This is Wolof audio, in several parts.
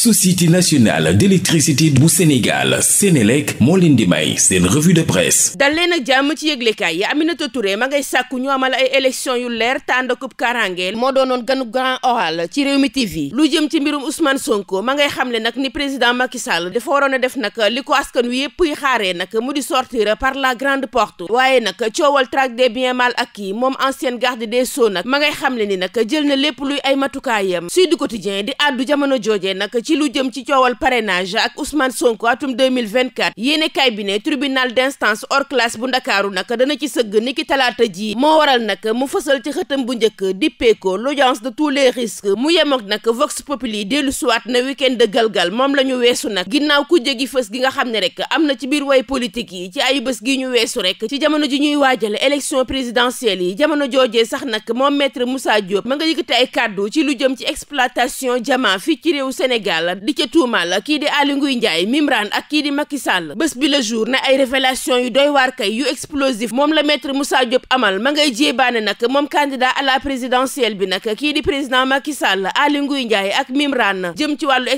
société nationale d'électricité bu Sénégal Sénélec moo leen di may seen revue de presse dal leen ak jàmm ci yëglekaay yi Aminata Touré ma ngay sàkku ñu amal ay élection yu leer tànd karange moo doonoon ganu grand oral ci réew mi TV lu jëm ci mbirum Ousmane Sonko ma ngay xamle nag ni président Macky Sall dafa waroon a def nag li ko askan wi yëpp yi xaaree nag mu di sortir par la grande porte waaye nag coowal traque des biens mal acquis moom ancienne ma ngay xamle ci lu jëm ci coowal parrainage ak Ousmane Sonko atum 2024 yéenekaay bi ne tribunal d'instance hors classe bu ndakaaru nag dana ci sëgg niki talaata ji moo waral nag mu fësal ci xëtam bu njëkk dippeeko l'audience de tous les risques mu yemook nag Vox Populi dellu suwaat na week-end de galgal moom la ñu weesu nag ginnaaw ku jegi fës gi nga xam ne rek am na ci biir way politique yi ci ay bés gi ñu weesu rek ci jamono ji ñuy waajale élection présidentielle yi jamono joojee sax nag moom maître Moussa Diop ma nga yëkkati ay kàddu ci lu jëm ci exploitation diamant fii ci réew Sénégal yàlla di ca tuumaal kii di Aly Ngouille Ndiaye Mimran ak kii di Macky Sall bés bi le jour ne ay révélation yu doy waar kay yu explosif moom la maître Moussa Diop amal ma ngay jéebaane nag moom di président Macky Sall Aly Ngouille Ndiaye ak Mimran jëm ci wàllu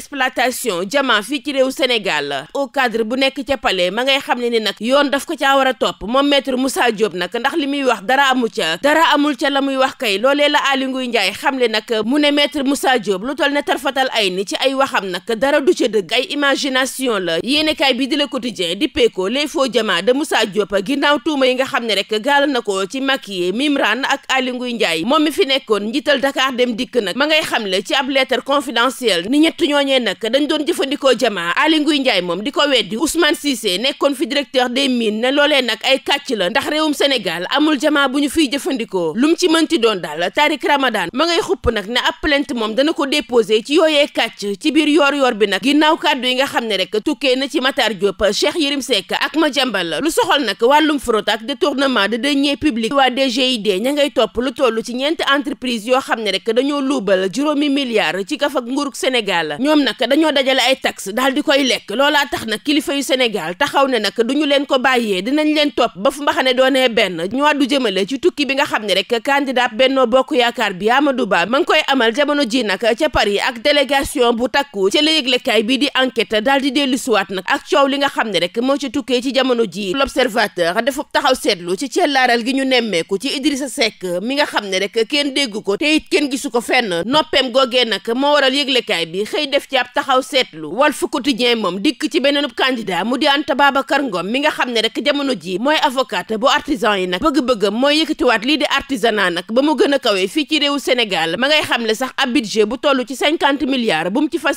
bu nekk ca palais ma ngay xam ne ni nag yoon daf a topp moom maître Moussa Diop nag ndax li muy wax dara amu ca dara amul ca la muy wax kay loolee la Aly Ngouille Ndiaye xam le nag mu ne maître Moussa Diop lu toll ne tarfatal ay ni ci ay wax xam nag dara du ca dëgg imagination la yéenekaay bi di Le Quotidien di peeko les faux diamants de Moussa Diop ginnaaw tuuma yi nga xam ne rek na ko ci Macky Mimran ak Aly Ngouille Ndiaye moom mi fi nekkoon njiital Dakar dem dikk nag ma ngay xam le ci ab lettre confidentielle ni ñett ñooñee nag dañ doon jëfandikoo jamaa Aly Ngouille Ndiaye moom di ko weddi Ousmane Cissé nekkoon fi directeur des mines ne loolee nag ay kàcc la ndax réewum Sénégal amul jamaa bu ñu fiy jëfandikoo lu mu ci mënti doon daal Tariq Ramadan ma ngay xupp nag ne ab plainte moom dana ko déposé ci yooyee kàcc ci biir biir yoor-yoor bi nag ginnaaw kàddu yi nga xam ne rek tukkee na ci Matar Diop Cheikh Yérim Seck ak Madiambal lu soxal nag wàllum fraude ak détournement de deniers publics waa DGID ña ngay topp lu toll ci ñeent entreprise yoo xam ne rek dañoo luubal juróomi milliards ci kaf ak nguurug Sénégal ñoom nag dañoo dajale ay taxes daal di koy lekk loolaa tax nag kilifa yu senegal taxaw ne nag du ñu leen ko bàyyee dinañ leen topp ba fu mbaxane doonee benn ñu wàddu jëmale ci tukki bi nga xam ne rek candidat Benno Bokk Yaakaar bi Amadou Ba ma ngi koy amal jamono ji nag ca Paris ak délégation bu takk sàkku ca la yëglekaay bii di enquête daal di dellu siwaat nag ak coow li nga xam ne rek moo ci tukkee ci jamono ji l'observateur dafa taxaw seetlu ci cellaaral gi ñu nemmeeku ci Idrissa Seck mi nga xam ne rek kenn dégg ko te it kenn gisu ko fenn noppeem googee nag moo waral yëglekaay bi xëy def ci ab taxaw seetlu Walf Quotidien moom dikk ci beneenub candidat mu di Anta Babacar Ngom mi nga xam ne rek jamono ji mooy avocat bu artisan yi nag bëgg-bëggam mooy yëkkatiwaat lii di artisanat nag ba mu gën a fii ci réewu Sénégal ma ngay xam ne sax ab budget ci cinquante milliards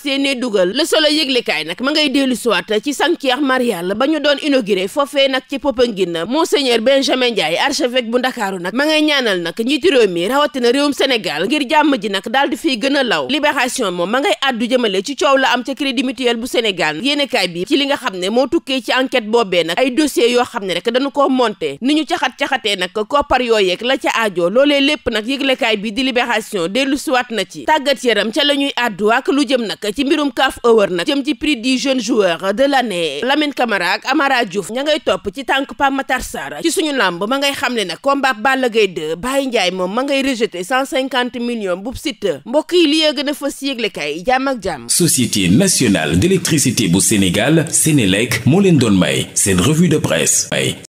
yéenee dugal le solo yëglekaay nag ma ngay dellu siwaat ci sanctuaire marial ba ñu doon inauguré foofee nag ci Popenguine monseigneur Benjamin Ndiaye archevêque bu Ndakaaru nag ma ngay ñaanal nag njiitu réew mi rawatina réewum senegal ngir jàmm ji nag daal di fiy gën a law libération moom ma ngay àddu jëmale ci coow la am ca crédit mutuel bu Sénégal yéenekaay bi ci li nga xam ne moo tukkee ci enquête boobee nag ay dossiers yoo xam ne rek dañu koo monté ni ñu caxat-caxatee nag koppar yooyeeg la ca aajo loolee lépp nag yëglekaay bi di libération dellu siwaat na ci tàggat yaram ca la ñuy àddu ak lu jëm nag ci mbirum CAF Award nag jëm ci prix du jeune joueur de l'année Lamine Camara ak Amara Diouf ña ngay topp ci tànk Pape Matar Sarr ci suñu làmb ma ngay xam ne nag combat Balla gay 2 bàyyi Ndiaye moom ma ngay rejeté cent cinquante millions bu Siteu mbokk yi li gën a fës yëgle kay jàmm ak jàmm. Société nationale d'électricité bu Sénégal Sénélec moo leen doon may seen revue de presse may